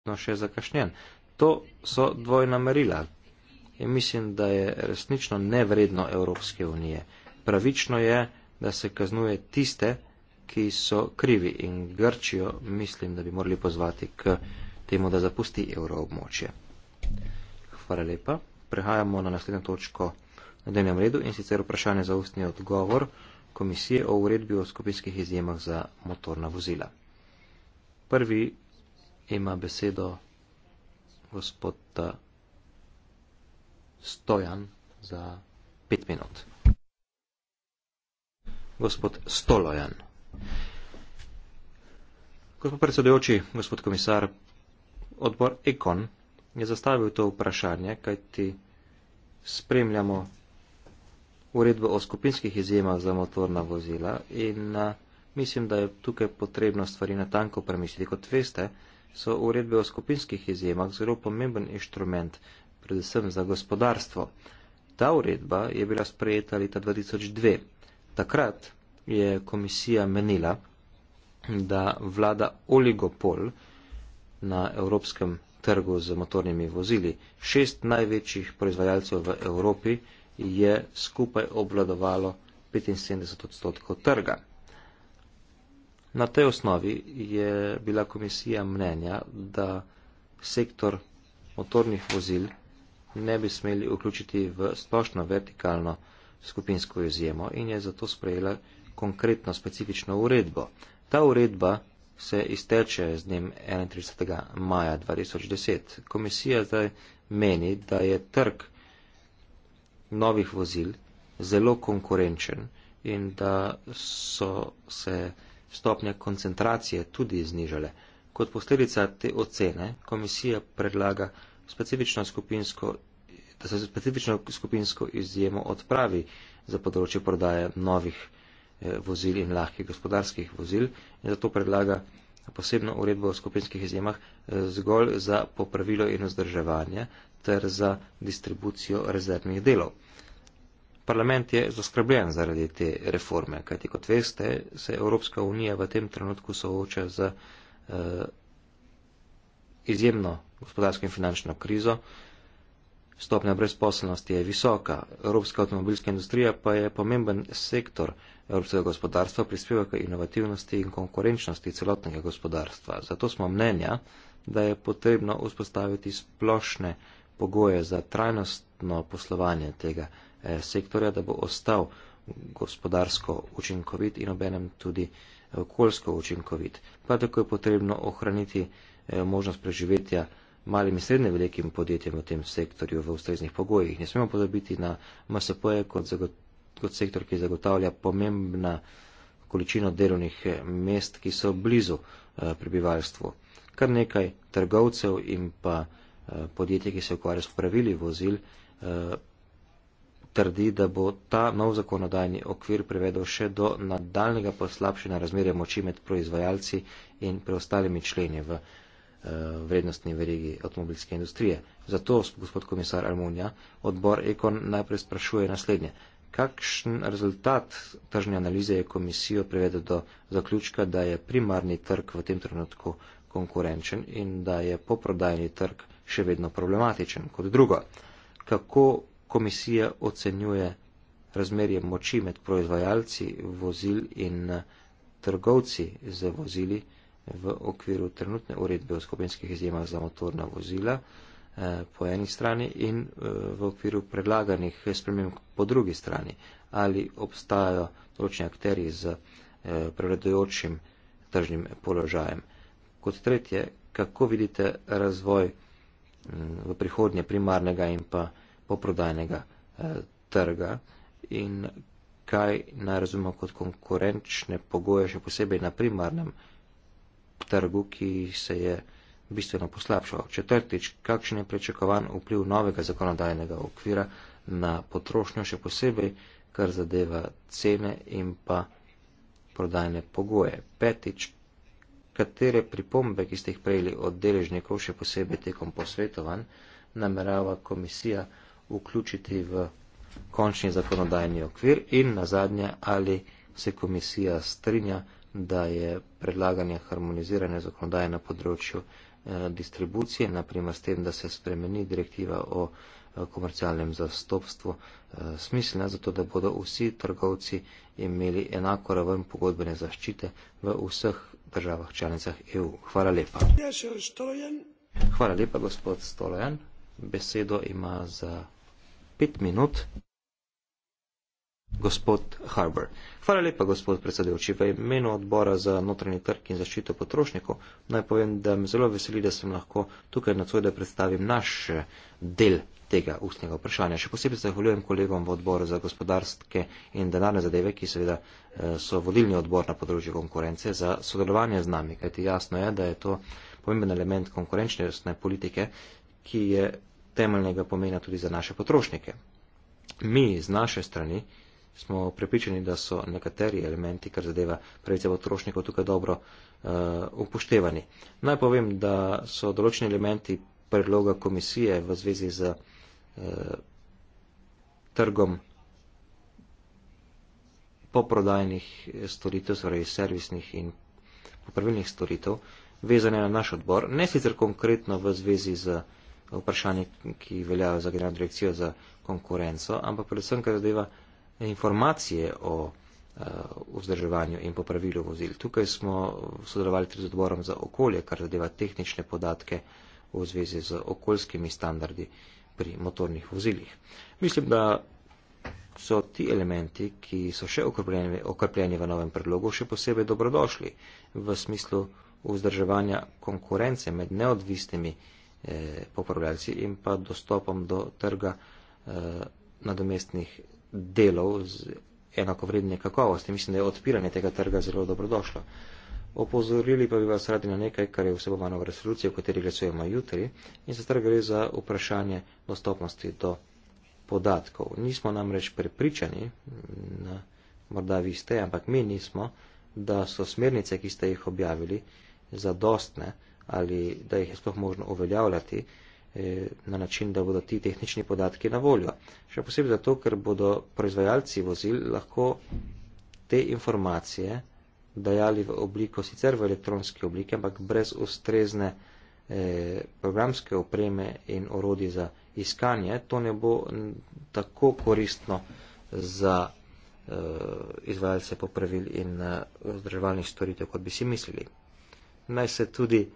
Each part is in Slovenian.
očitno še zakašnjen. To so dvojna merila. In mislim, da je resnično nevredno Evropske unije. Pravično je, da se kaznuje tiste, ki so krivi in Grčijo, mislim, da bi morali pozvati k temu, da zapusti evroobmočje. Hvala lepa. Prehajamo na naslednjo točko na dnevnem redu in sicer vprašanje za ustni odgovor komisije o uredbi o skupinskih izjemah za motorna vozila. Prvi ima besedo gospod eh, Stojan za pet minut. Gospod Stolojan. Gospod predsedujoči, gospod komisar, odbor Ekon je zastavil to vprašanje, kajti spremljamo uredbo o skupinskih izjemah za motorna vozila in a, eh, mislim, da je tukaj potrebno stvari natanko premisliti. Kot veste, so uredbe o skupinskih izjemah zelo pomemben inštrument, predvsem za gospodarstvo. Ta uredba je bila sprejeta leta 2002. Takrat je komisija menila, da vlada oligopol na evropskem trgu z motornimi vozili. Šest največjih proizvajalcev v Evropi je skupaj obladovalo 75 odstotkov trga. Na tej osnovi je bila komisija mnenja, da sektor motornih vozil ne bi smeli vključiti v splošno vertikalno skupinsko izjemo in je zato sprejela konkretno specifično uredbo. Ta uredba se izteče z dnem 31. maja 2010. Komisija zdaj meni, da je trg novih vozil zelo konkurenčen in da so se stopnje koncentracije tudi znižale. Kot posledica te ocene komisija predlaga specifično skupinsko, da se specifično skupinsko izjemo odpravi za področje prodaje novih eh, vozil in lahkih gospodarskih vozil in zato predlaga posebno uredbo o skupinskih izjemah eh, zgolj za popravilo in vzdrževanje ter za distribucijo rezervnih delov. Parlament je zaskrbljen zaradi te reforme, kajti kot veste, se Evropska unija v tem trenutku sooča z eh, izjemno gospodarsko in finančno krizo. Stopnja brezposelnosti je visoka, evropska avtomobilska industrija pa je pomemben sektor evropskega gospodarstva, prispeva k inovativnosti in konkurenčnosti celotnega gospodarstva. Zato smo mnenja, da je potrebno vzpostaviti splošne pogoje za trajnost celotno poslovanje tega eh, sektorja, da bo ostal gospodarsko učinkovit in obenem tudi eh, okoljsko učinkovit. Pa tako je potrebno ohraniti eh, možnost preživetja malim in srednje velikim podjetjem v tem sektorju v ustreznih pogojih. Ne smemo pozabiti na MSP-je kot, kot sektor, ki zagotavlja pomembna količino delovnih mest, ki so blizu prebivalstvu. Kar nekaj trgovcev in pa podjetje, ki se ukvarja s pravili vozil, Eh, trdi, da bo ta nov zakonodajni okvir privedel še do nadaljnega poslabšanja razmerja moči med proizvajalci in preostalimi členi v eh, vrednostni verigi avtomobilske industrije. Zato, gospod komisar Almunija, odbor Ekon najprej sprašuje naslednje. Kakšen rezultat tržne analize je komisijo privedel do zaključka, da je primarni trg v tem trenutku konkurenčen in da je poprodajni trg še vedno problematičen? Kot drugo, kako komisija ocenjuje razmerje moči med proizvajalci vozil in eh, trgovci za vozili v okviru trenutne uredbe o skupinskih izjemah za motorna vozila eh, po eni strani in eh, v okviru predlaganih sprememb po drugi strani, ali obstajajo določeni akteri z prevladujočim tržnim položajem. Kot tretje, kako vidite razvoj Eh, v prihodnje primarnega in pa poprodajnega eh, trga in kaj naj razumemo kot konkurenčne pogoje, še posebej na primarnem trgu, ki se je bistveno poslabšal. Četrtič, kakšen je prečakovan vpliv novega zakonodajnega okvira na potrošnjo, še posebej, kar zadeva cene in pa prodajne pogoje. Petič, katere pripombe, ki ste jih prejeli od deležnikov, še posebej tekom posvetovanj, namerava komisija vključiti v končni zakonodajni okvir in na zadnje, ali se komisija strinja, da je predlaganje harmoniziranja zakonodaje na področju eh, distribucije, naprimer s tem, da se spremeni direktiva o eh, komercialnem zastopstvu eh, smiselna, zato da bodo vsi trgovci imeli enako raven pogodbene zaščite v vseh državah članicah EU. Hvala lepa. Hvala lepa, gospod Stolojan. Besedo ima za pet minut gospod Harbour. Hvala lepa, gospod predsedujoči. V imenu odbora za notranji trg in zaščito potrošnikov naj povem, da me zelo veseli, da sem lahko tukaj na svoj, da predstavim naš eh, del tega ustnega vprašanja. Še posebej se zahvaljujem kolegom v odboru za gospodarske in denarne zadeve, ki seveda eh, so vodilni odbor na področju konkurence, za sodelovanje z nami, kajti jasno je, da je to pomemben element konkurenčnostne politike, ki je temeljnega pomena tudi za naše potrošnike. Mi z naše strani smo prepričani, da so nekateri elementi, kar zadeva pravice potrošnikov, tukaj dobro uh, upoštevani. Naj povem, da so določeni elementi predloga komisije v zvezi z. Uh, eh, trgom poprodajnih storitev, zvrej servisnih in popravilnih storitev, vezane na naš odbor, ne sicer konkretno v zvezi z vprašanji, ki veljajo za generalno direkcijo za konkurenco, ampak predvsem, kar zadeva informacije o eh, vzdrževanju in popravilu vozil. Tukaj smo sodelovali tudi z odborom za okolje, kar zadeva tehnične podatke v zvezi z okoljskimi standardi. Uh, pri motornih vozilih. Mislim, da so ti elementi, ki so še okrepljeni, okrepljeni v novem predlogu, še posebej dobrodošli v smislu vzdrževanja konkurence med neodvisnimi eh, popravljalci in pa dostopom do trga eh, nadomestnih delov z enakovredne kakovosti. Mislim, da je odpiranje tega trga zelo dobrodošlo. Eh, Opozorili pa bi vas radi na nekaj, kar je vsebovano v resoluciji, o kateri glasujemo jutri, in se gre za vprašanje dostopnosti do podatkov. Nismo namreč prepričani, morda vi ste, ampak mi nismo, da so smernice, ki ste jih objavili, zadostne ali da jih je sploh možno uveljavljati eh, na način, da bodo ti tehnični podatki na voljo. Še posebej zato, ker bodo proizvajalci vozil lahko te informacije dajali v obliko, sicer v elektronski obliki, ampak brez ustrezne eh, programske opreme in orodi za iskanje, to ne bo tako koristno za eh, izvajalce popravil in eh, vzdrževalnih storitev, kot bi si mislili. Naj se tudi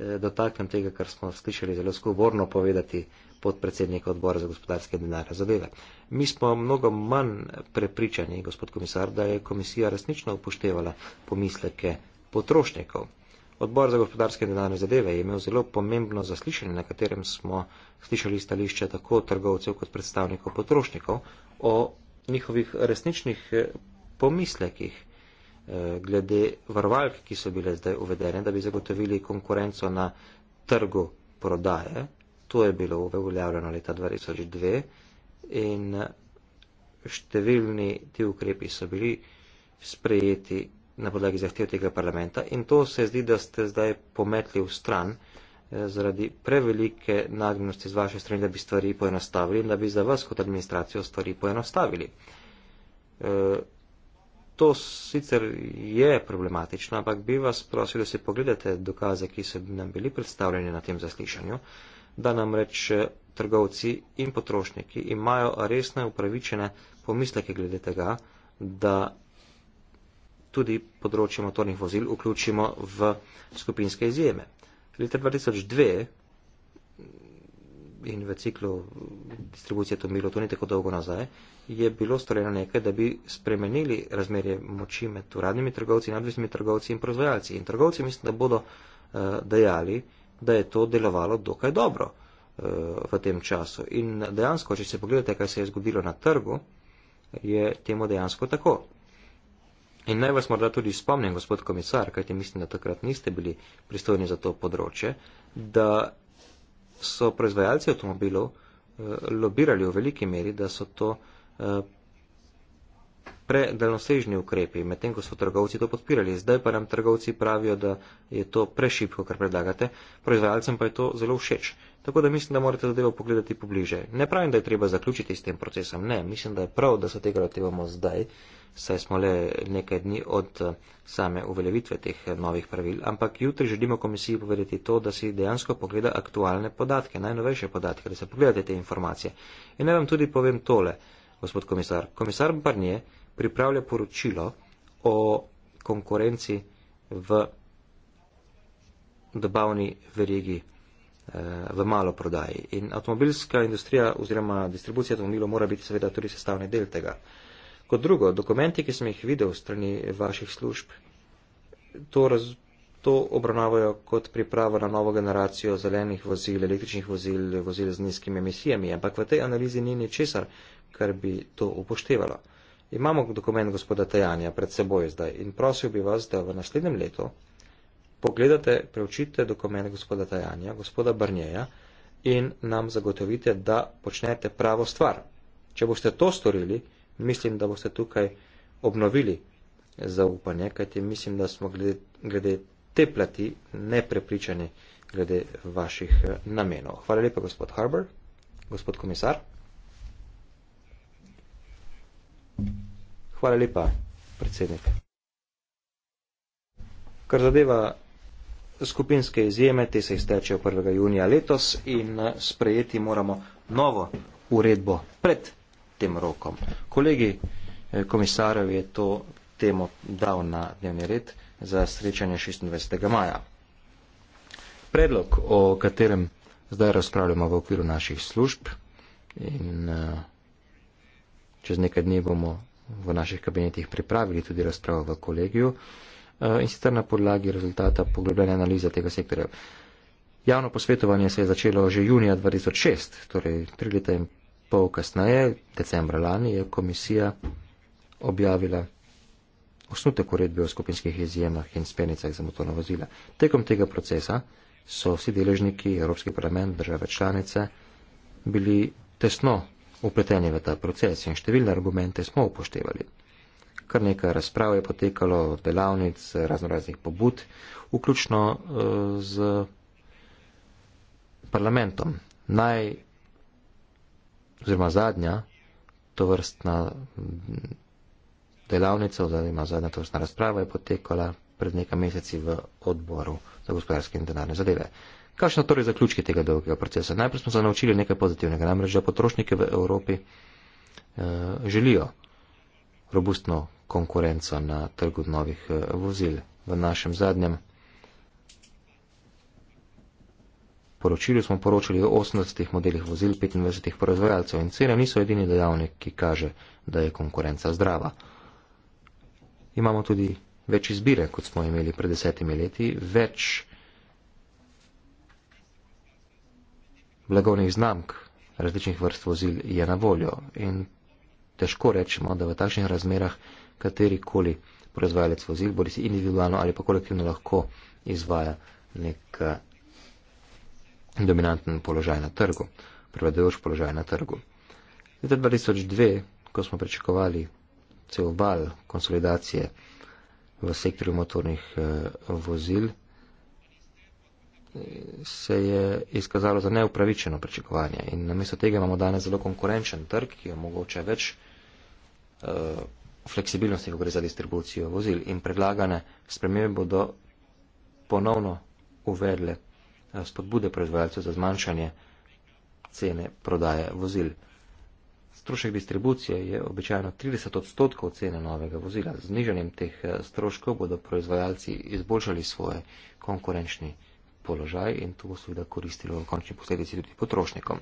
dotaknem tega, kar smo slišali zelo skovorno povedati podpredsednik odbora za gospodarske denarne zadeve. Mi smo mnogo manj prepričani, gospod komisar, da je komisija resnično upoštevala pomisleke potrošnikov. Odbor za gospodarske denarne zadeve je imel zelo pomembno zaslišanje, na katerem smo slišali stališče tako trgovcev kot predstavnikov potrošnikov o njihovih resničnih eh, pomislekih eh, glede varovalk, ki so bile zdaj uvedene, da bi zagotovili konkurenco na trgu prodaje, To je bilo uveljavljeno leta 2002 in številni ti ukrepi so bili sprejeti na podlagi zahtev tega parlamenta in to se zdi, da ste zdaj pometli v stran eh, zaradi prevelike nagnjenosti z vaše strani, da bi stvari poenostavili in da bi za vas kot administracijo stvari poenostavili. E, to sicer je problematično, ampak bi vas prosil, da si pogledate dokaze, ki so nam bili predstavljeni na tem zaslišanju da namreč eh, trgovci in potrošniki imajo resne upravičene pomisleke glede tega, da tudi področje motornih vozil vključimo v skupinske izjeme. Leta 2002 in v ciklu distribucije to milo, to ni tako dolgo nazaj, je bilo storjeno nekaj, da bi spremenili razmerje moči med uradnimi trgovci, nadvisnimi trgovci in proizvajalci. In trgovci mislim, da bodo uh, dejali, uh, da je to delovalo dokaj dobro eh, v tem času. In dejansko, če se pogledate, kaj se je zgodilo na trgu, je temu dejansko tako. In naj vas morda tudi spomnim, gospod komisar, kajte mislim, da takrat niste bili pristojni za to področje, da so proizvajalci avtomobilov eh, lobirali v veliki meri, da so to eh, predaljnosežni ukrepi, medtem ko so trgovci to podpirali. Zdaj pa nam trgovci pravijo, da je to prešipko, kar predlagate, proizvajalcem pa je to zelo všeč. Tako da mislim, da morate zadevo pogledati pobliže. Ne pravim, da je treba zaključiti s tem procesom, ne, mislim, da je prav, da se tega lotevamo zdaj, saj smo le nekaj dni od eh, same uveljavitve teh eh, novih pravil, ampak jutri želimo komisiji povedati to, da si dejansko pogleda aktualne podatke, najnovejše podatke, da se pogledate te informacije. In naj vam tudi povem tole, gospod komisar. Komisar Barnier pripravlja poročilo o konkurenci v dobavni verigi eh, v malo prodaji. In avtomobilska industrija oziroma distribucija avtomobilov mora biti seveda tudi sestavni del tega. Kot drugo, dokumenti, ki sem jih videl strani vaših služb, to, raz, to obravnavajo kot pripravo na novo generacijo zelenih vozil, električnih vozil, vozil z nizkimi emisijami, ampak v tej analizi ni ničesar, kar bi to upoštevalo. Imamo dokument gospoda Tajanja pred seboj zdaj in prosil bi vas, da v naslednjem letu pogledate, preučite dokument gospoda Tajanja, gospoda Brnjeja in nam zagotovite, da počnete pravo stvar. Če boste to storili, mislim, da boste tukaj obnovili zaupanje, kajti mislim, da smo glede, glede te plati neprepričani glede vaših eh, namenov. Hvala lepa, gospod Harbour, gospod komisar. Hvala lepa, predsednik. Kar zadeva skupinske izjeme, te se iztečejo 1. junija letos in eh, sprejeti moramo novo uredbo pred tem rokom. Kolegi eh, komisarjev je to temo dal na dnevni red za srečanje 26. maja. Predlog, o katerem zdaj razpravljamo v okviru naših služb in eh, čez nekaj dni bomo v naših kabinetih pripravili tudi razpravo v kolegiju eh, in sicer na podlagi rezultata poglobljene analize tega sektorja. Javno posvetovanje se je začelo že junija 2006, torej tri leta in pol kasneje, decembra lani, je komisija objavila osnutek uredbe o skupinskih izjemah in spenicah za motorno vozila. Tekom tega procesa so vsi deležniki, Evropski parlament, države članice, bili tesno upleteni v ta proces in številne argumente smo upoštevali. Kar nekaj razprav je potekalo, delavnic, raznoraznih pobud, vključno eh, z parlamentom. Naj, oziroma zadnja tovrstna delavnica, oziroma zadnja tovrstna razprava je potekala pred nekaj meseci v odboru za gospodarske in denarne zadeve. Kakšno torej zaključke tega dolgega procesa? Najprej smo se naučili nekaj pozitivnega, namreč, da potrošniki v Evropi eh, želijo robustno konkurenco na trgu novih eh, vozil. V našem zadnjem poročilu smo poročali o 80 modelih vozil 25 proizvajalcev in cene niso edini dejavnik, ki kaže, da je konkurenca zdrava. Imamo tudi več izbire, kot smo imeli pred desetimi leti, več blagovnih znamk različnih vrst vozil je na voljo in težko rečemo, da v takšnih razmerah katerikoli proizvajalec vozil, bodi si individualno ali pa kolektivno lahko izvaja nek eh, dominanten položaj na trgu, prevladujoč položaj na trgu. Leta 2002, ko smo pričakovali cel val konsolidacije v sektorju motornih eh, vozil, se je izkazalo za neupravičeno pričakovanje. In namesto tega imamo danes zelo konkurenčen trg, ki omogoča več uh, fleksibilnosti, ko gre za distribucijo vozil. In predlagane spremembe bodo ponovno uvedle uh, spodbude proizvajalcev za zmanjšanje cene prodaje vozil. Strošek distribucije je običajno 30 odstotkov cene novega vozila. Z znižanjem teh eh, stroškov bodo proizvajalci izboljšali svoje konkurenčni položaj in to bo seveda koristilo v končni posledici tudi potrošnikom.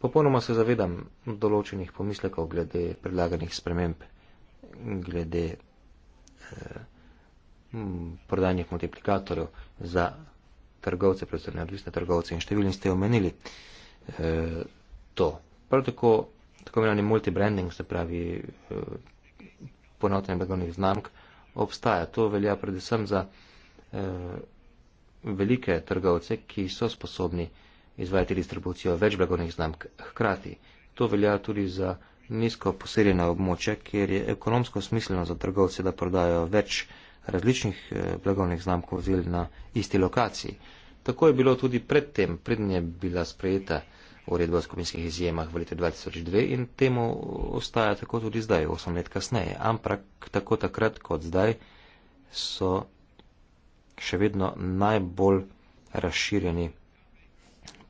Popolnoma se zavedam določenih pomislekov glede predlaganih sprememb, glede eh, prodajnih multiplikatorjev za trgovce, predvsem neodvisne trgovce in številni ste omenili eh, to. Prav tako, tako imenovani multibranding, se pravi eh, ponotenje blagovnih znamk, obstaja. To velja predvsem za. Eh, velike trgovce, ki so sposobni izvajati distribucijo več blagovnih znamk hkrati. To velja tudi za nizko poseljena območja, kjer je ekonomsko smiselno za trgovce, da prodajo več različnih eh, blagovnih znamk vozil na isti lokaciji. Tako je bilo tudi predtem, predtem je bila sprejeta uredba o skupinskih izjemah v letu 2002 in temu ostaja tako tudi zdaj, osem let kasneje. Ampak tako takrat kot zdaj so še vedno najbolj razširjeni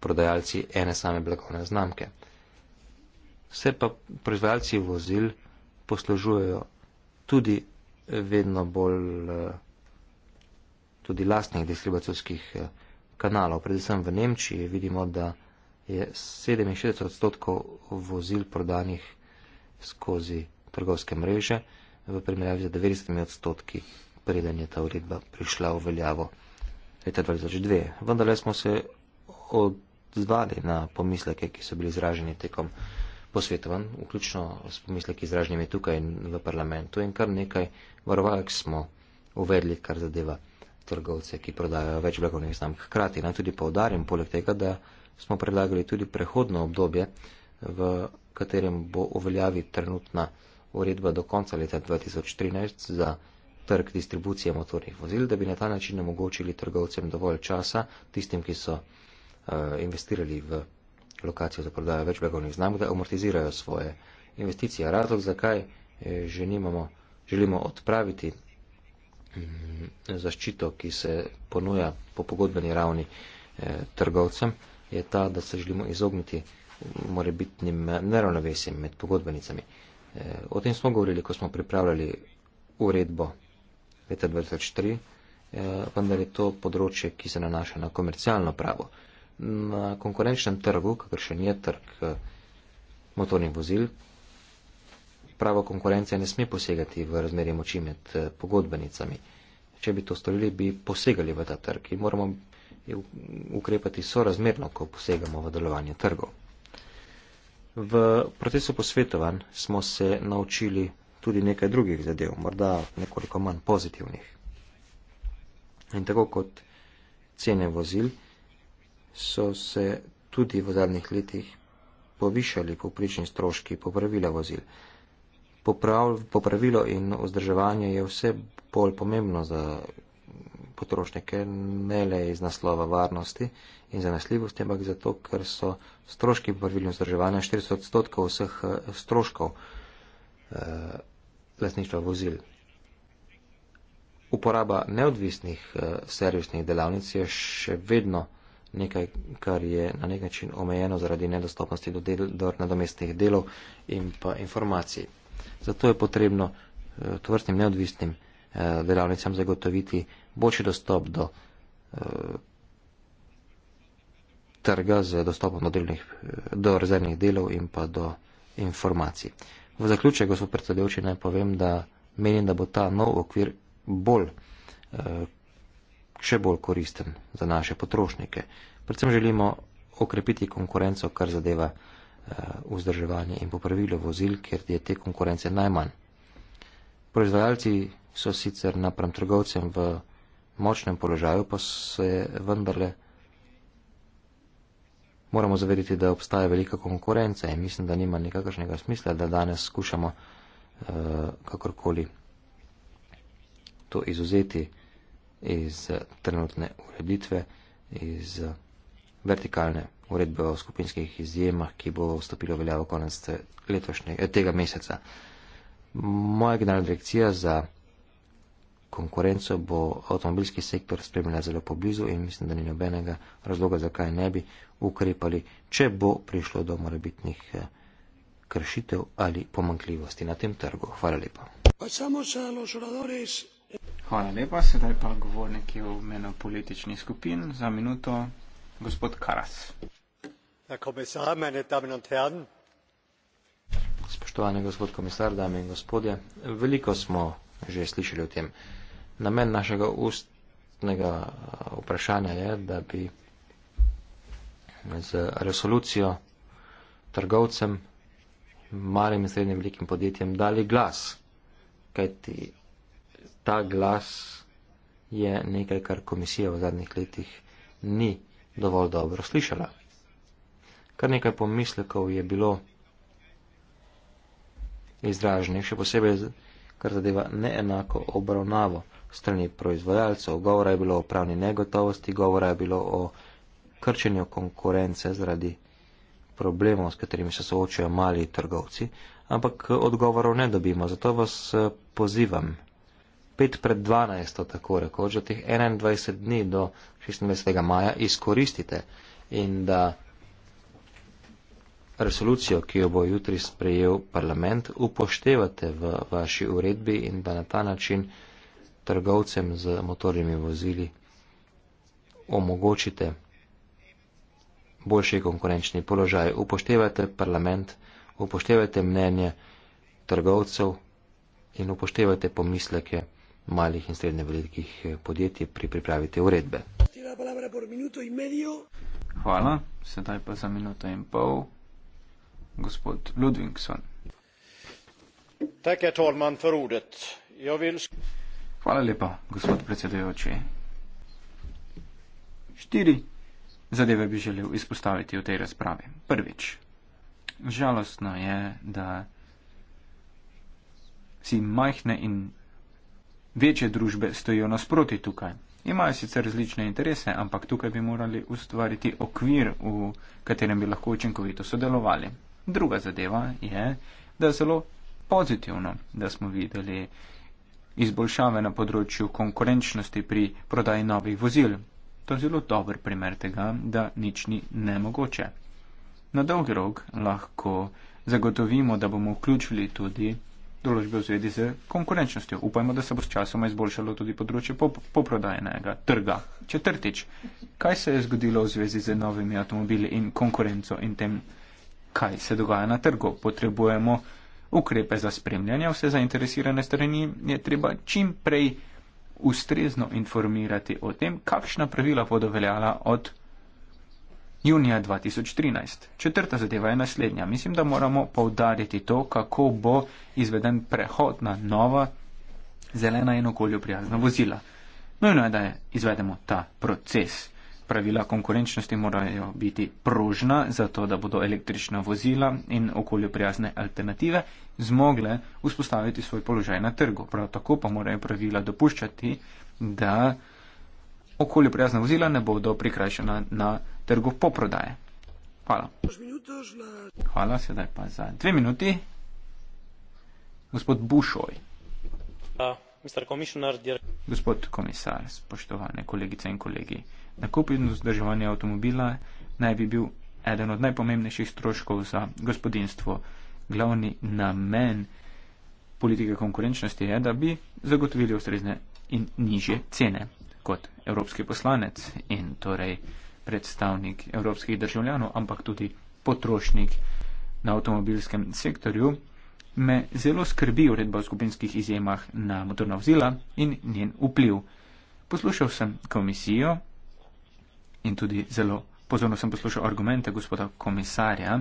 prodajalci ene same blagovne znamke. Se pa proizvajalci vozil poslužujejo tudi vedno bolj eh, tudi lastnih distribucijskih eh, kanalov. Predvsem v Nemčiji vidimo, da je 67 odstotkov vozil prodanih skozi trgovske mreže v primerjavi z 90 odstotki preden je ta uredba prišla v veljavo leta 2002. Vendar le smo se odzvali na pomisleke, ki so bili izraženi tekom posvetovanj, vključno s pomisleki izraženimi tukaj in v parlamentu in kar nekaj varovalk smo uvedli, kar zadeva trgovce, ki prodajajo več blagovnih znamk. Hkrati naj tudi povdarim, poleg tega, da smo predlagali tudi prehodno obdobje, v katerem bo uveljavi trenutna uredba do konca leta 2013 za trg distribucije motornih vozil, da bi na ta način omogočili trgovcem dovolj časa, tistim, ki so uh, investirali v lokacijo za prodajo več blagovnih znamk, da amortizirajo svoje investicije. Razlog, zakaj eh, že nimamo, želimo odpraviti mm, zaščito, ki se ponuja po pogodbeni ravni eh, trgovcem, je ta, da se želimo izogniti morebitnim neravnovesjem med pogodbenicami. Eh, o tem smo govorili, ko smo pripravljali uredbo leta 2003, eh, vendar je to področje, ki se nanaša na komercialno pravo. Na konkurenčnem trgu, kakor še ni trg eh, motornih vozil, pravo konkurence ne sme posegati v razmerje moči med eh, pogodbenicami. Če bi to storili, bi posegali v ta trg in moramo ukrepati sorazmerno, ko posegamo v delovanje trgov. V procesu posvetovanj smo se naučili tudi nekaj drugih zadev, morda nekoliko manj pozitivnih. In tako kot cene vozil so se tudi v zadnjih letih povišali poprični stroški popravila vozil. Poprav, popravilo in vzdrževanje je vse bolj pomembno za potrošnike, ne le iz naslova varnosti in zanesljivosti, ampak zato, ker so stroški popravil in vzdrževanja 40 odstotkov vseh eh, stroškov. Uh, lastništva vozil. Uporaba neodvisnih eh, servisnih delavnic je še vedno nekaj, kar je na nek način omejeno zaradi nedostopnosti do, del, do nadomestnih delov in pa informacij. Zato je potrebno eh, tovrstnim neodvisnim eh, delavnicam zagotoviti boljši dostop do trga z dostopom do, delnih, do rezervnih delov in pa do informacij. V zaključek, gospod predsedujoči, naj povem, da menim, da bo ta nov okvir bolj, eh, še bolj koristen za naše potrošnike. Predvsem želimo okrepiti konkurenco, kar zadeva eh, vzdrževanje in popravilo vozil, ker je te konkurence najmanj. Proizvajalci so sicer napram trgovcem v močnem položaju, pa se vendarle moramo zavedeti, da obstaja velika konkurenca in mislim, da nima nekakršnega smisla, da danes skušamo uh, kakorkoli to izuzeti iz trenutne ureditve, iz vertikalne uredbe o skupinskih izjemah, ki bo vstopilo veljavo konec letošnjega, eh, tega meseca. Moja generalna direkcija za konkurenco bo avtomobilski sektor spremljala zelo poblizu in mislim, da ni nobenega razloga, zakaj ne bi ukrepali, če bo prišlo do morebitnih eh, kršitev ali pomankljivosti na tem trgu. Hvala lepa. Hvala lepa, sedaj pa govornik je v imenu političnih skupin. Za minuto gospod Karas. Spoštovani gospod komisar, dame in gospodje, veliko smo že slišali o tem namen našega ustnega eh, vprašanja je, da bi z resolucijo trgovcem, malim in srednjim velikim podjetjem dali glas, kajti ta glas je nekaj, kar komisija v zadnjih letih ni dovolj dobro slišala. Kar nekaj pomislekov je bilo izraženih, še posebej, kar zadeva neenako obravnavo strani proizvodalcev, govora je bilo o pravni negotovosti, govora je bilo o krčenju konkurence zaradi problemov, s katerimi se soočajo mali trgovci, ampak odgovorov ne dobimo. Zato vas eh, pozivam, 5 pred 12, tako rekoč, da teh 21 dni do 26. maja izkoristite in da resolucijo, ki jo bo jutri sprejel parlament, upoštevate v vaši uredbi in da na ta način trgovcem z motornimi vozili omogočite boljši konkurenčni položaj. Upoštevajte parlament, upoštevajte mnenje trgovcev in upoštevajte pomisleke malih in srednje velikih podjetij pri pripravi te uredbe. Hvala, sedaj pa za minuto in pol. Gospod Ludvigson. Tak je tolman, ferudet. Jovilski. Ja, Hvala lepa, gospod predsedujoči. Štiri zadeve bi želel izpostaviti v tej razpravi. Prvič, žalostno je, da si majhne in večje družbe stojijo nasproti tukaj. Imajo sicer različne interese, ampak tukaj bi morali ustvariti okvir, v katerem bi lahko učinkovito sodelovali. Druga zadeva je, da je zelo pozitivno, da smo videli izboljšave na področju konkurenčnosti pri prodaji novih vozil. To je zelo dober primer tega, da nič ni nemogoče. Na dolgi rok lahko zagotovimo, da bomo vključili tudi določbe v zvedi z konkurenčnostjo. Upajmo, da se bo s časoma izboljšalo tudi področje pop poprodajnega trga. Četrtič, kaj se je zgodilo v zvezi z novimi avtomobili in konkurenco in tem, kaj se dogaja na trgu? Potrebujemo Ukrepe za spremljanje vse zainteresirane strani je treba čim prej ustrezno informirati o tem, kakšna pravila bodo veljala od junija 2013. Četrta zadeva je naslednja. Mislim, da moramo povdariti to, kako bo izveden prehod na nova zelena in okolju prijazna vozila. Nujno je, da izvedemo ta proces pravila konkurenčnosti morajo biti prožna, zato da bodo električna vozila in okoljoprijazne alternative zmogle vzpostaviti svoj položaj na trgu. Prav tako pa morajo pravila dopuščati, da okoljoprijazna vozila ne bodo prikrajšana na trgu poprodaje. Hvala. Hvala, sedaj pa za dve minuti. Gospod Bušoj. Uh, Gospod komisar, spoštovane kolegice in kolegi. Nakup in vzdrževanje avtomobila naj bi bil eden od najpomembnejših stroškov za gospodinstvo. Glavni namen politike konkurenčnosti je, da bi zagotovili ustrezne in nižje cene. Kot evropski poslanec in torej predstavnik evropskih državljanov, ampak tudi potrošnik na avtomobilskem sektorju, me zelo skrbi uredba o skupinskih izjemah na motorna vozila in njen vpliv. Poslušal sem komisijo, in tudi zelo pozorno sem poslušal argumente gospoda komisarja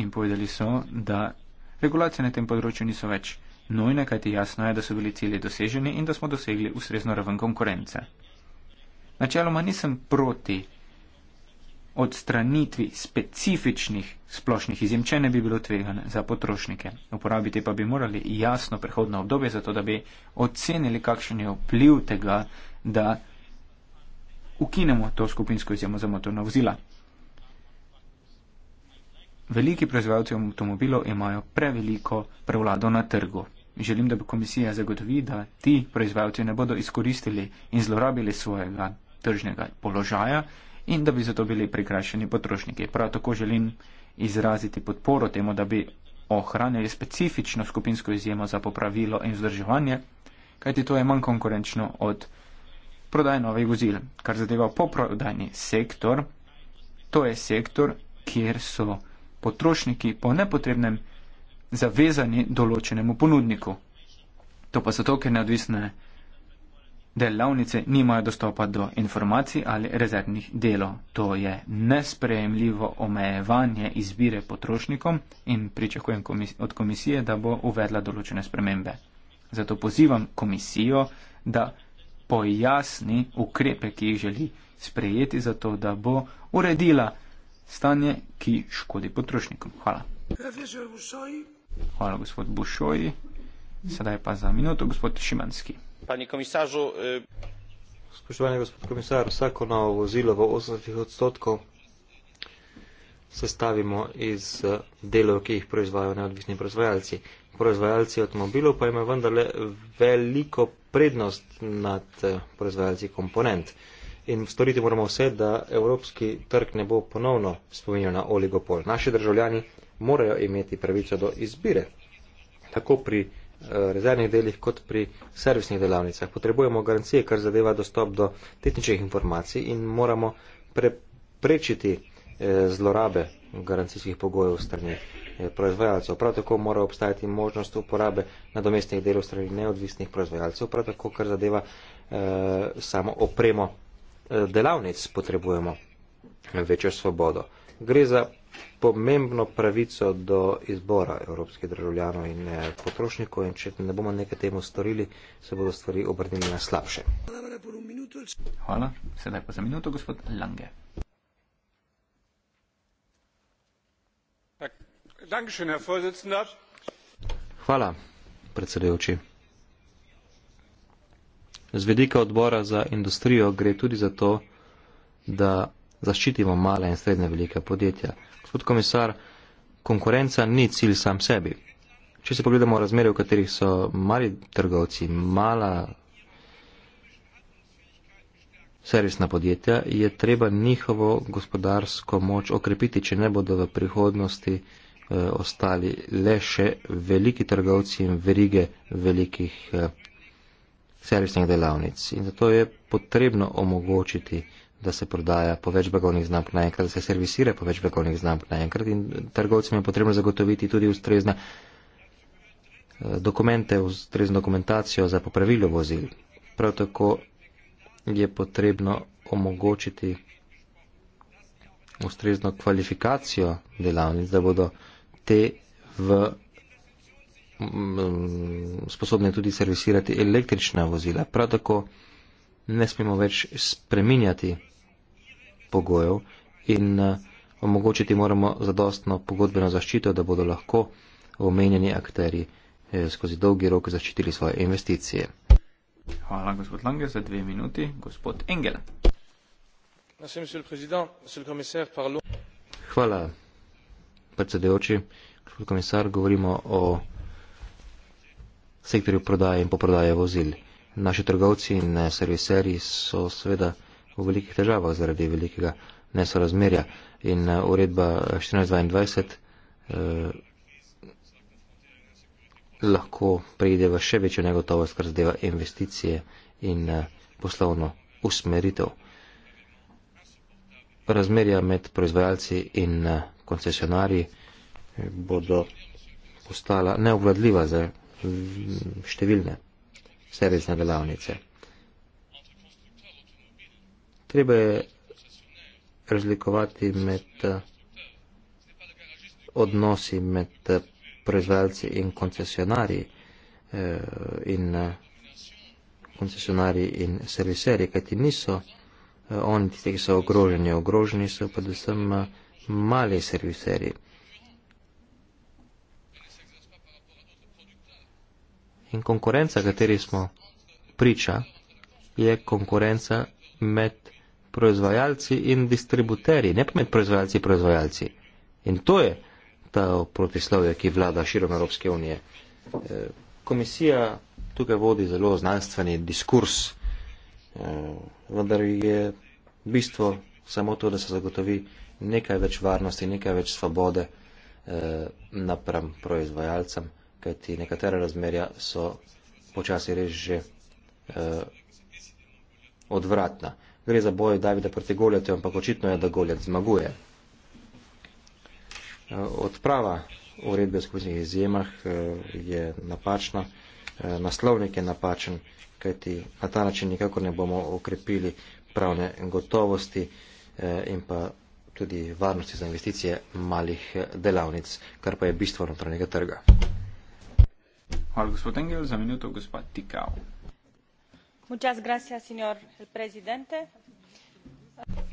in povedali so, da regulacije na tem področju niso več nujne, kajti jasno je, da so bili cilji doseženi in da smo dosegli ustrezno raven konkurence. Načeloma nisem proti odstranitvi specifičnih splošnih izjem, če ne bi bilo tvegane za potrošnike. Uporabiti pa bi morali jasno prehodno obdobje, zato da bi ocenili, kakšen je vpliv tega, da ukinemo to skupinsko izjemo za motorna vozila. Veliki proizvajalci avtomobilov imajo preveliko prevlado na trgu. Želim, da bi komisija zagotovi, da ti proizvajalci ne bodo izkoristili in zlorabili svojega tržnega položaja in da bi zato bili prikrašeni potrošniki. Prav tako želim izraziti podporo temu, da bi ohranili specifično skupinsko izjemo za popravilo in vzdrževanje, kajti to je manj konkurenčno od prodaje novih vozil. Kar zadeva poprodajni sektor, to je sektor, kjer so potrošniki po nepotrebnem zavezani določenemu ponudniku. To pa zato, ker neodvisne delavnice nimajo dostopa do informacij ali rezervnih delov. To je nesprejemljivo omejevanje izbire potrošnikom in pričakujem komis od komisije, da bo uvedla določene spremembe. Zato pozivam komisijo, da pojasni ukrepe, ki jih želi sprejeti, zato da bo uredila stanje, ki škodi potrošnikom. Hvala. Hvala, gospod Bušoji. Sedaj pa za minuto, gospod Šimanski. Pani komisaržu. Eh... Spoštovani gospod komisar, vsako novo vozilo v 80 odstotkov sestavimo iz e, delov, ki jih proizvajajo neodvisni proizvajalci. Proizvajalci avtomobilov pa imajo vendarle veliko prednost nad eh, proizvajalci komponent. In storiti moramo vse, da evropski trg ne bo ponovno spominjal na oligopol. Naši državljani morajo imeti pravico do izbire, tako pri eh, rezervnih delih kot pri servisnih delavnicah. Potrebujemo garancije, kar zadeva dostop do tehničnih informacij in moramo preprečiti eh, zlorabe garancijskih pogojev v strani Eh, proizvajalcev. Prav tako mora obstajati možnost uporabe nadomestnih delov strani neodvisnih proizvajalcev, prav tako, kar zadeva eh, samo opremo eh, delavnic, potrebujemo večjo svobodo. Gre za pomembno pravico do izbora evropskih državljanov in eh, potrošnikov in če ne bomo nekaj temu storili, se bodo stvari obrnili na slabše. Hvala, sedaj pa za minuto, gospod Lange. z vidika odbora za industrijo gre tudi za to da zaščitimo male in srednje velike podjetja gospod komisar konkurenca ni cilj sam sebi če se pogledamo razmere v katerih so mali trgovci mala servisna podjetja je treba njihovo gospodarsko moč okrepiti če ne bodo v prihodnosti eh, ostali le še veliki trgovci in verige velikih eh, servisnih delavnic. In zato je potrebno omogočiti, da se prodaja po več blagovnih znamk naenkrat, da se servisira po več blagovnih znamk naenkrat in trgovcem je potrebno zagotoviti tudi ustrezna eh, dokumente, ustrezno dokumentacijo za popravilo vozil. Prav tako je potrebno omogočiti ustrezno kvalifikacijo delavnic, da bodo eh, te v mm, sposobne tudi servisirati električna vozila. Prav tako ne smemo več spreminjati pogojev in eh, omogočiti moramo zadostno pogodbeno zaščito, da bodo lahko omenjeni akteri eh, skozi dolgi rok zaščitili svoje investicije. Hvala, gospod Lange, za dve minuti. Gospod Engel. Hvala, predsedujoči, gospod komisar, govorimo o sektorju prodaje in poprodaje vozil. Naši trgovci in serviserji so seveda v velikih težavah zaradi velikega nesorazmerja in eh, uredba 1422 eh, lahko preide v še večjo negotovost, kar zadeva investicije in eh, poslovno usmeritev. Razmerja med proizvajalci in eh, koncesionarji eh, bodo postala neobvladljiva za mm, številne servisne delavnice. Treba je razlikovati med eh, odnosi med eh, proizvajalci in koncesionarji in koncesionarji in serviserji, kajti niso oni tisti, ki so ogroženi. Ogroženi so predvsem vsem mali serviserji. In konkurenca, kateri smo priča, je konkurenca med proizvajalci in distributerji, ne pa med proizvajalci in proizvajalci. In to je ta protislovje, ki vlada širom Evropske unije. E, komisija tukaj vodi zelo znanstveni diskurs, e, vendar je bistvo samo to, da se zagotovi nekaj več varnosti, nekaj več svobode eh, napram proizvajalcem, kajti nekatera razmerja so počasi res že eh, odvratna. Gre za boj Davida proti Goljatu, ampak očitno je, da Goljat zmaguje. Eh, odprava uredbe o skupnih izjemah eh, je napačna, eh, naslovnik je napačen, kajti na ta način nikakor ne bomo okrepili pravne gotovosti eh, in pa tudi varnosti za investicije malih delavnic, kar pa je bistvo notranjega trga. Hvala, gospod Engel. Za minuto, gospod Tikao. Muchas gracias, señor presidente.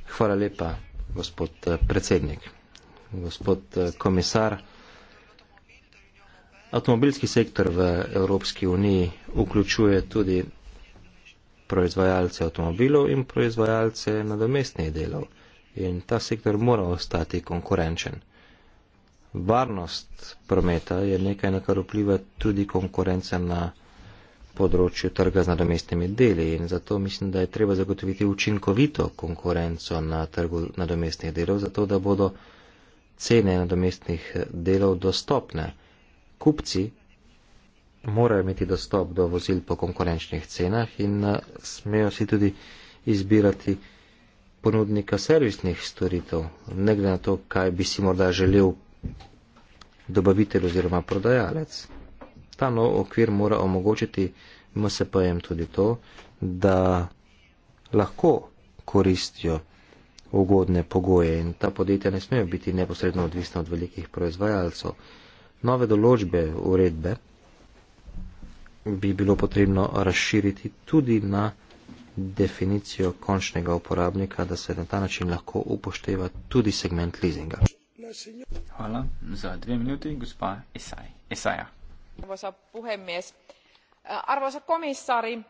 Hvala lepa, gospod eh, predsednik. Gospod eh, komisar, avtomobilski sektor v Evropski uniji vključuje tudi proizvajalce avtomobilov in proizvajalce nadomestnih delov in ta sektor mora ostati konkurenčen. Varnost prometa je nekaj, na kar vpliva tudi konkurenca na področju trga z nadomestnimi deli in zato mislim, da je treba zagotoviti učinkovito konkurenco na trgu nadomestnih delov, zato da bodo cene nadomestnih delov dostopne. Kupci morajo imeti dostop do vozil po konkurenčnih cenah in eh, smejo si tudi izbirati ponudnika servisnih storitev, ne glede na to, kaj bi si morda želel dobavitelj oziroma prodajalec. Ta nov okvir mora omogočiti MSP-jem tudi to, da lahko koristijo ugodne pogoje in ta podjetja ne smejo biti neposredno odvisna od velikih proizvajalcev. Nove določbe uredbe bi bilo potrebno razširiti tudi na definicijo končnega uporabnika, da se na ta način lahko upošteva tudi segment leasinga. Hvala za dve minuti, gospa Esaj. Esaja. Arvoisa puhemies. Arvoisa komisari,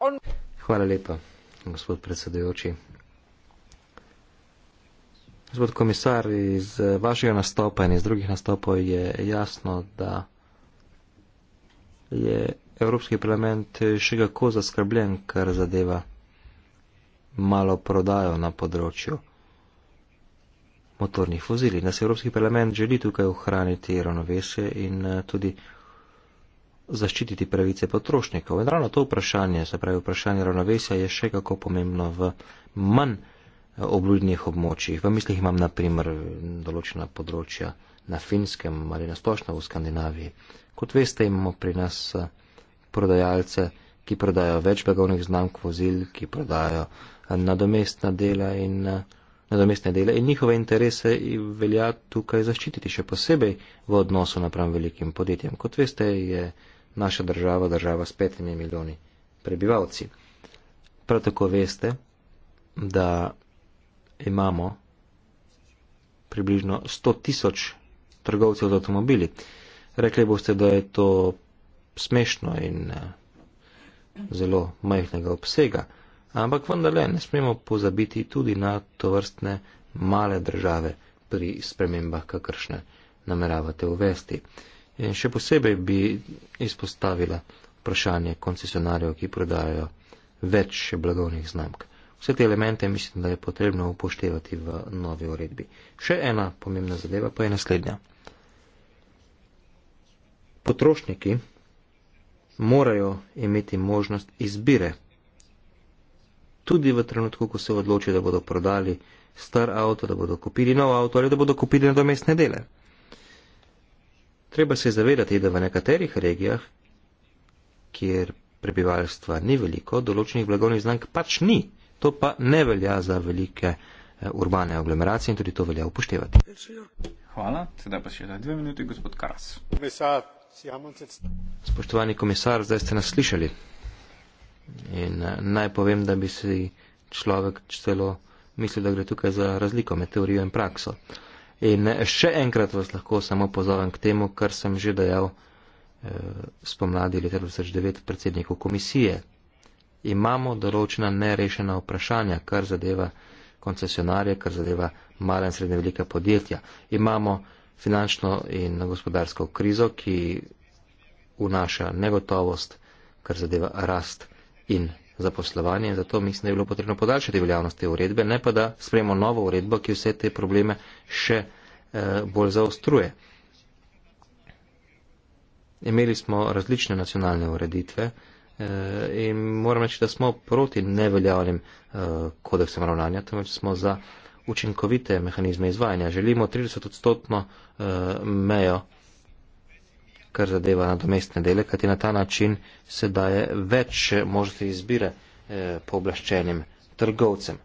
on... Hvala lepa, gospod predsedujoči. Gospod komisar, iz vašega nastopa in iz drugih nastopov je jasno, da je Evropski parlament še kako zaskrbljen, kar zadeva malo prodajo na področju motornih vozil. Nas Evropski parlament želi tukaj ohraniti ravnovesje in eh, tudi zaščititi pravice potrošnikov. In ravno to vprašanje, se pravi vprašanje ravnovesja, je še kako pomembno v manj eh, obludnih območjih. V mislih imam na primer eh, določena področja na finskem ali na splošno v Skandinaviji. Kot veste, imamo pri nas eh, prodajalce, ki prodajo več blagovnih znamk vozil, ki prodajo eh, nadomestna dela in eh, nadomestne dele in njihove interese velja tukaj zaščititi, še posebej v odnosu napram velikim podjetjem. Kot veste, je naša država država s petimi milijoni prebivalci. Prav tako veste, da imamo približno 100 tisoč trgovcev z avtomobili. Rekli boste, da je to smešno in eh, zelo majhnega obsega, ampak vendarle ne smemo pozabiti tudi na to vrstne male države pri spremembah, kakršne nameravate uvesti. In še posebej bi izpostavila vprašanje koncesionarjev, ki prodajajo več blagovnih znamk. Vse te elemente mislim, da je potrebno upoštevati v novi uredbi. Še ena pomembna zadeva pa je naslednja. Potrošniki morajo imeti možnost izbire. Tudi v trenutku, ko se odločijo, da bodo prodali star avto, da bodo kupili nov avto ali da bodo kupili nadomestne dele. Treba se zavedati, da v nekaterih regijah, kjer prebivalstva ni veliko, določenih blagovnih znank pač ni. To pa ne velja za velike eh, urbane aglomeracije in tudi to velja upoštevati. Hvala. Sedaj pa še dve minuti, gospod Karas. Vesa Spoštovani komisar, zdaj ste nas slišali. In eh, naj povem, da bi si človek celo mislil, da gre tukaj za razliko med teorijo in prakso. In eh, še enkrat vas lahko samo pozovem k temu, kar sem že dejal eh, spomladi leta 2009 predsedniku komisije. Imamo določena nerešena vprašanja, kar zadeva koncesionarje, kar zadeva mala in srednje velika podjetja. Imamo finančno in gospodarsko krizo, ki vnaša negotovost, kar zadeva rast in zaposlovanje. Zato mislim, da je bilo potrebno podaljšati veljavnost te uredbe, ne pa da sprejemo novo uredbo, ki vse te probleme še eh, bolj zaostruje. Imeli smo različne nacionalne ureditve eh, in moram reči, da smo proti neveljavnim eh, kodeksem ravnanja, temveč smo za učinkovite mehanizme izvajanja. Želimo 30 odstotno uh, eh, mejo, kar zadeva na domestne dele, kajti na ta način se daje več možnosti izbire eh, pooblaščenim trgovcem.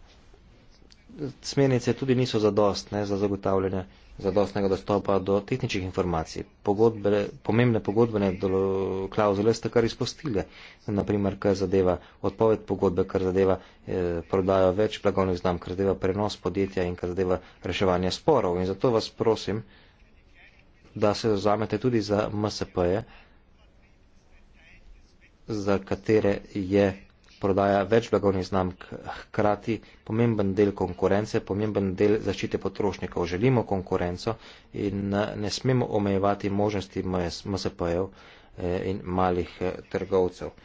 Smernice tudi niso zadostne za zagotavljanje zadostnega dostopa do tehničnih informacij. Pogodbe, pomembne pogodbene dolo, klauzule ste kar izpustili, naprimer, kar zadeva odpoved pogodbe, kar zadeva eh, prodajo več blagovnih znam, kar zadeva prenos podjetja in kar zadeva reševanje sporov. In zato vas prosim, da se zazamete tudi za MSP-je, za katere je prodaja več blagovnih znamk hkrati, pomemben del konkurence, pomemben del zaščite potrošnikov. Želimo konkurenco in eh, ne smemo omejevati možnosti MSP-jev eh, in malih eh, trgovcev.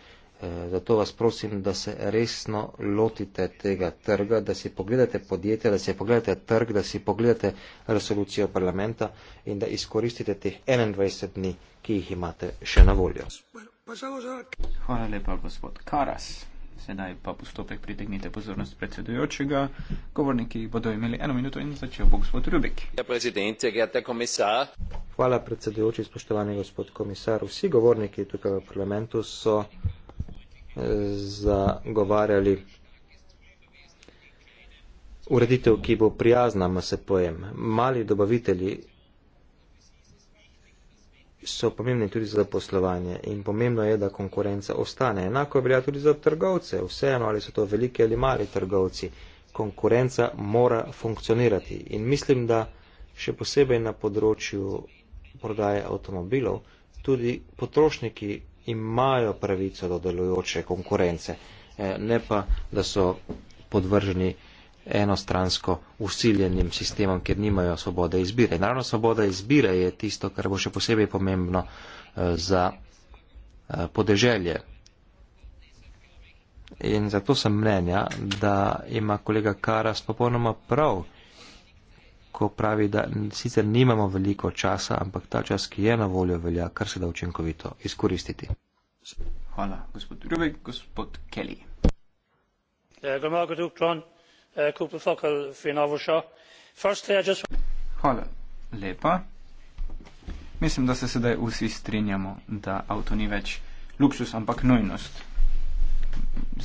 Zato vas prosim, da se resno lotite tega trga, da si pogledate podjetje, da si pogledate trg, da si pogledate resolucijo parlamenta in da izkoristite teh 21 dni, ki jih imate še na voljo. Hvala lepa, gospod Karas. Sedaj pa postopek pritegnite pozornost predsedujočega. Govorniki bodo imeli eno minuto in začel bo gospod Rubik. Ja, Hvala predsedujoči, spoštovani gospod komisar. Vsi govorniki tukaj v parlamentu so eh, zagovarjali ureditev, ki bo prijazna MSP-jem. Mali dobavitelji so pomembni tudi za poslovanje in pomembno je, da konkurenca ostane. Enako je velja tudi za trgovce, vseeno ali so to veliki ali mali trgovci. Konkurenca mora funkcionirati in mislim, da še posebej na področju prodaje avtomobilov tudi potrošniki imajo pravico do delujoče konkurence, eh, ne pa, da so podvrženi enostransko usiljenim sistemom, kjer nimajo svobode izbire. Naravno, svoboda izbire je tisto, kar bo še posebej pomembno eh, za eh, podeželje. In zato sem mnenja, da ima kolega Karas popolnoma prav, ko pravi, da sicer nimamo veliko časa, ampak ta čas, ki je na voljo, velja kar se da učinkovito izkoristiti. Hvala, gospod Rubik, gospod Kelly. Ja, ga mogu tukaj. Hvala lepa. Mislim, da se sedaj vsi strinjamo, da avto ni več luksus, ampak nujnost.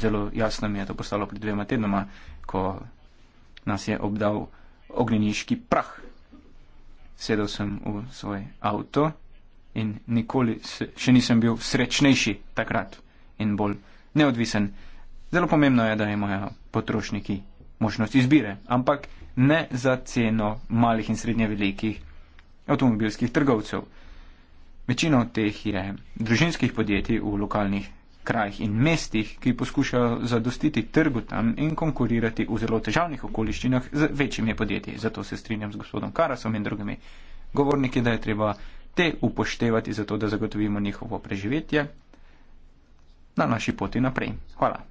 Zelo jasno mi je to postalo pred dvema tednoma, ko nas je obdal ogneniški prah. Sedel sem v svoj avto in nikoli še nisem bil srečnejši takrat in bolj neodvisen. Zelo pomembno je, da imajo potrošniki možnost izbire, ampak ne za ceno malih in srednje velikih avtomobilskih trgovcev. Večina od teh je družinskih podjetij v lokalnih krajih in mestih, ki poskušajo zadostiti trgu tam in konkurirati v zelo težavnih okoliščinah z večjimi podjetji. Zato se strinjam z gospodom Karasom in drugimi govorniki, da je treba te upoštevati, zato da zagotovimo njihovo preživetje na naši poti naprej. Hvala.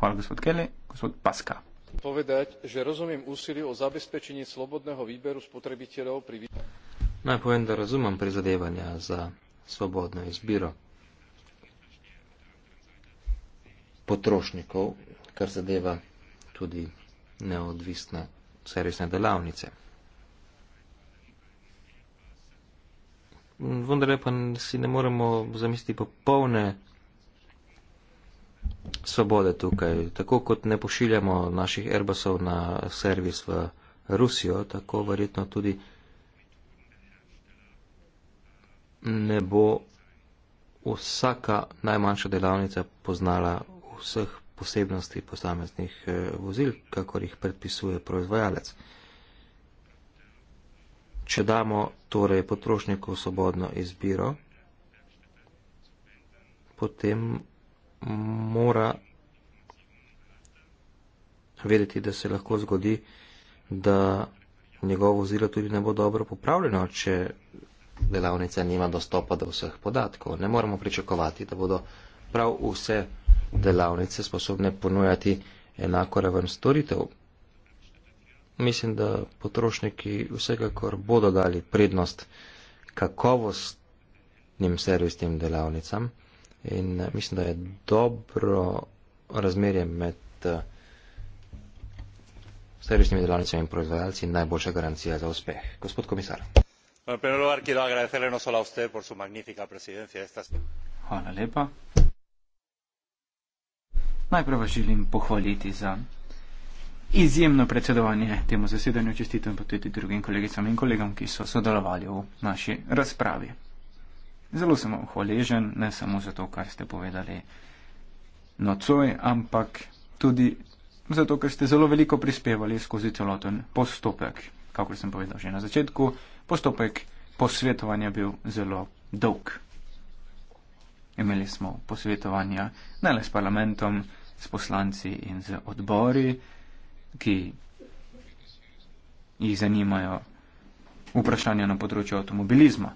Hvala, gospod Kelly. Gospod Paska. Povedať, že rozumiem úsiliu o zabezpečenie slobodného výberu spotrebiteľov pri výberu. No ja poviem, da rozumiem prizadevania za svobodné izbiro potrošnikov, kar zadeva tudi neodvisne servisne delavnice. Vendar pa si ne moremo zamisliti popolne svobode tukaj. Tako kot ne pošiljamo naših Airbusov na servis v Rusijo, tako verjetno tudi ne bo vsaka najmanjša delavnica poznala vseh posebnosti posameznih eh, vozil, kakor jih predpisuje proizvajalec. Če damo torej potrošnikov svobodno izbiro, potem mora vedeti, da se lahko zgodi, da njegovo vozilo tudi ne bo dobro popravljeno, če delavnica nima dostopa do vseh podatkov. Ne moramo pričakovati, da bodo prav vse delavnice sposobne ponujati enako raven storitev. Mislim, da potrošniki vsekakor bodo dali prednost kakovostnim servisnim delavnicam. In eh, mislim, da je dobro razmerje med eh, servisnimi delavnicami in proizvajalci najboljša garancija za uspeh. Gospod komisar. No Hvala lepa. Najprej vas želim pohvaliti za izjemno predsedovanje temu zasedanju, čestitam pa tudi drugim kolegicam in kolegom, ki so sodelovali v naši razpravi. Zelo sem vam hvaležen, ne samo za to, kar ste povedali nocoj, ampak tudi zato, ker ste zelo veliko prispevali skozi celoten postopek. Kako sem povedal že na začetku, postopek posvetovanja bil zelo dolg. Imeli smo posvetovanja ne le s parlamentom, s poslanci in z odbori, ki jih zanimajo vprašanja na področju avtomobilizma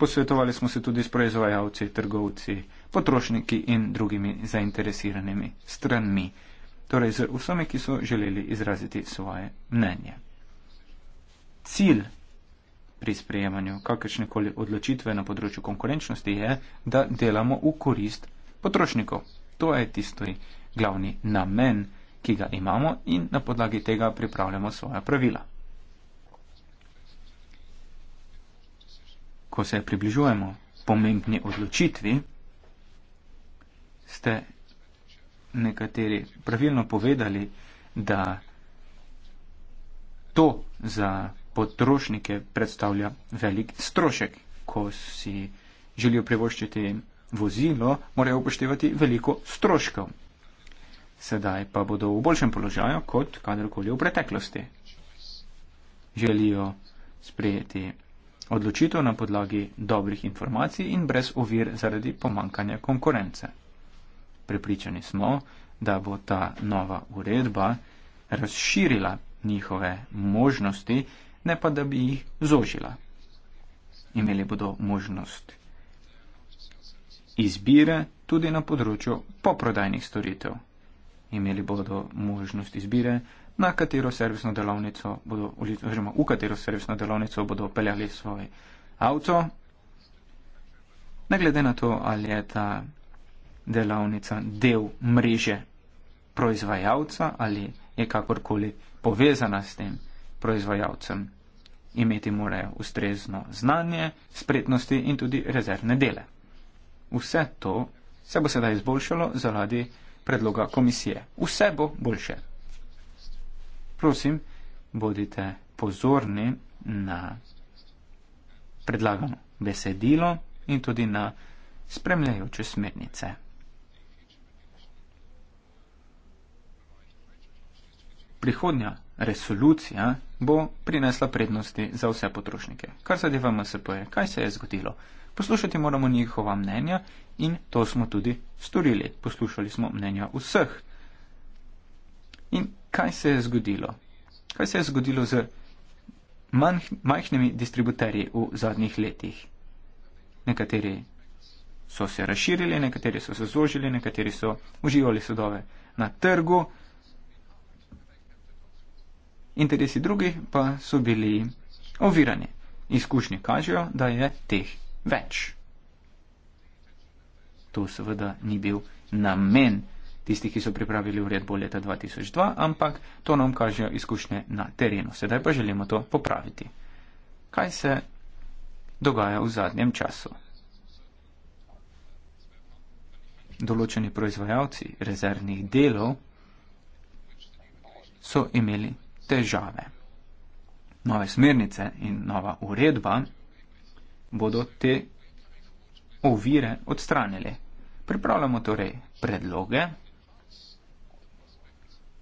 posvetovali smo se tudi s proizvajalci, trgovci, potrošniki in drugimi zainteresiranimi stranmi, torej z vsemi, ki so želeli izraziti svoje mnenje. Cilj pri sprejemanju kakršnekoli odločitve na področju konkurenčnosti je, da delamo v korist potrošnikov. To je tisto glavni namen, ki ga imamo in na podlagi tega pripravljamo svoja pravila. ko se približujemo pomembni odločitvi, ste nekateri pravilno povedali, da to za potrošnike predstavlja velik strošek. Ko si želijo privoščiti vozilo, morajo upoštevati veliko stroškov. Sedaj pa bodo v boljšem položaju kot kadarkoli v preteklosti. Želijo sprejeti Odločitev na podlagi dobrih informacij in brez ovir zaradi pomankanja konkurence. Pripričani smo, da bo ta nova uredba razširila njihove možnosti, ne pa da bi jih zožila. Imeli bodo možnost izbire tudi na področju poprodajnih storitev. Imeli bodo možnost izbire na katero servisno delavnico bodo, oziroma v katero servisno delavnico bodo peljali svoj avto, ne glede na to, ali je ta delavnica del mreže proizvajalca ali je kakorkoli povezana s tem proizvajalcem. Imeti morajo ustrezno znanje, spretnosti in tudi rezervne dele. Vse to se bo sedaj izboljšalo zaradi predloga komisije. Vse bo boljše prosim, bodite pozorni na predlagano besedilo in tudi na spremljajoče smernice. Prihodnja resolucija bo prinesla prednosti za vse potrošnike. Kar zadeva MSP-je, kaj se je zgodilo? Poslušati moramo njihova mnenja in to smo tudi storili. Poslušali smo mnenja vseh. In kaj se je zgodilo? Kaj se je zgodilo z manj, majhnimi distributerji v zadnjih letih? Nekateri so se razširili, nekateri so se zožili, nekateri so uživali sodove na trgu. Interesi drugih pa so bili ovirani. Izkušnje kažejo, da je teh več. To seveda ni bil namen tisti, ki so pripravili uredbo leta 2002, ampak to nam kažejo izkušnje na terenu. Sedaj pa želimo to popraviti. Kaj se dogaja v zadnjem času? Določeni proizvajalci rezervnih delov so imeli težave. Nove smernice in nova uredba bodo te ovire odstranili. Pripravljamo torej predloge,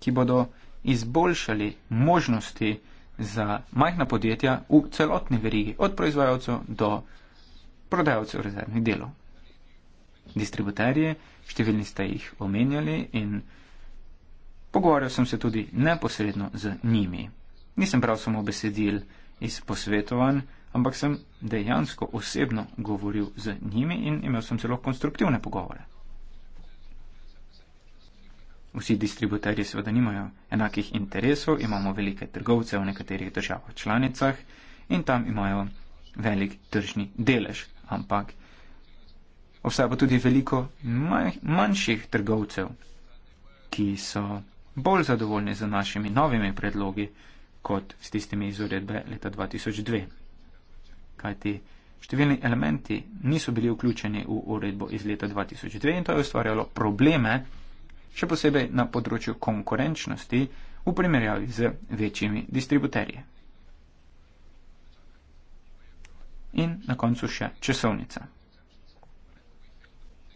ki bodo izboljšali možnosti za majhna podjetja v celotni verigi, od proizvajalcev do prodajalcev rezervnih delov. Distributerje, številni ste jih omenjali in pogovarjal sem se tudi neposredno z njimi. Nisem bral samo besedil iz posvetovanj, ampak sem dejansko osebno govoril z njimi in imel sem celo konstruktivne pogovore. Vsi distributerji seveda nimajo enakih interesov, imamo velike trgovce v nekaterih državah članicah in tam imajo velik tržni delež, ampak obstaja pa tudi veliko manjših trgovcev, ki so bolj zadovoljni z našimi novimi predlogi kot s tistimi iz uredbe leta 2002. Kajti številni elementi niso bili vključeni v uredbo iz leta 2002 in to je ustvarjalo probleme še posebej na področju konkurenčnosti v primerjavi z večjimi distributerji. In na koncu še časovnica.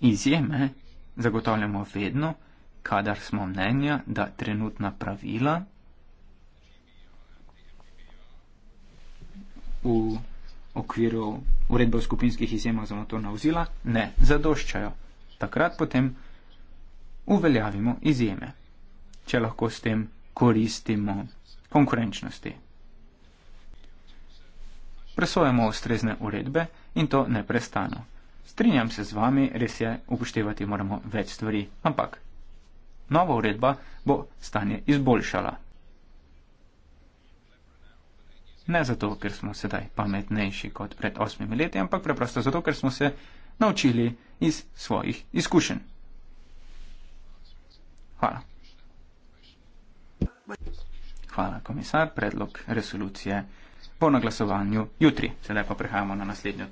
Izjeme zagotavljamo vedno, kadar smo mnenja, da trenutna pravila v okviru uredbe o skupinskih izjemah za motorna vozila ne zadoščajo. Takrat potem uveljavimo izjeme, če lahko s tem koristimo konkurenčnosti. Presojamo ustrezne uredbe in to neprestano. Strinjam se z vami, res je, upoštevati moramo več stvari, ampak nova uredba bo stanje izboljšala. Ne zato, ker smo sedaj pametnejši kot pred osmimi leti, ampak preprosto zato, ker smo se naučili iz svojih izkušenj. Hvala. Hvala, komisar. Predlog resolucije bo na glasovanju jutri. Sedaj pa prehajamo na naslednjo.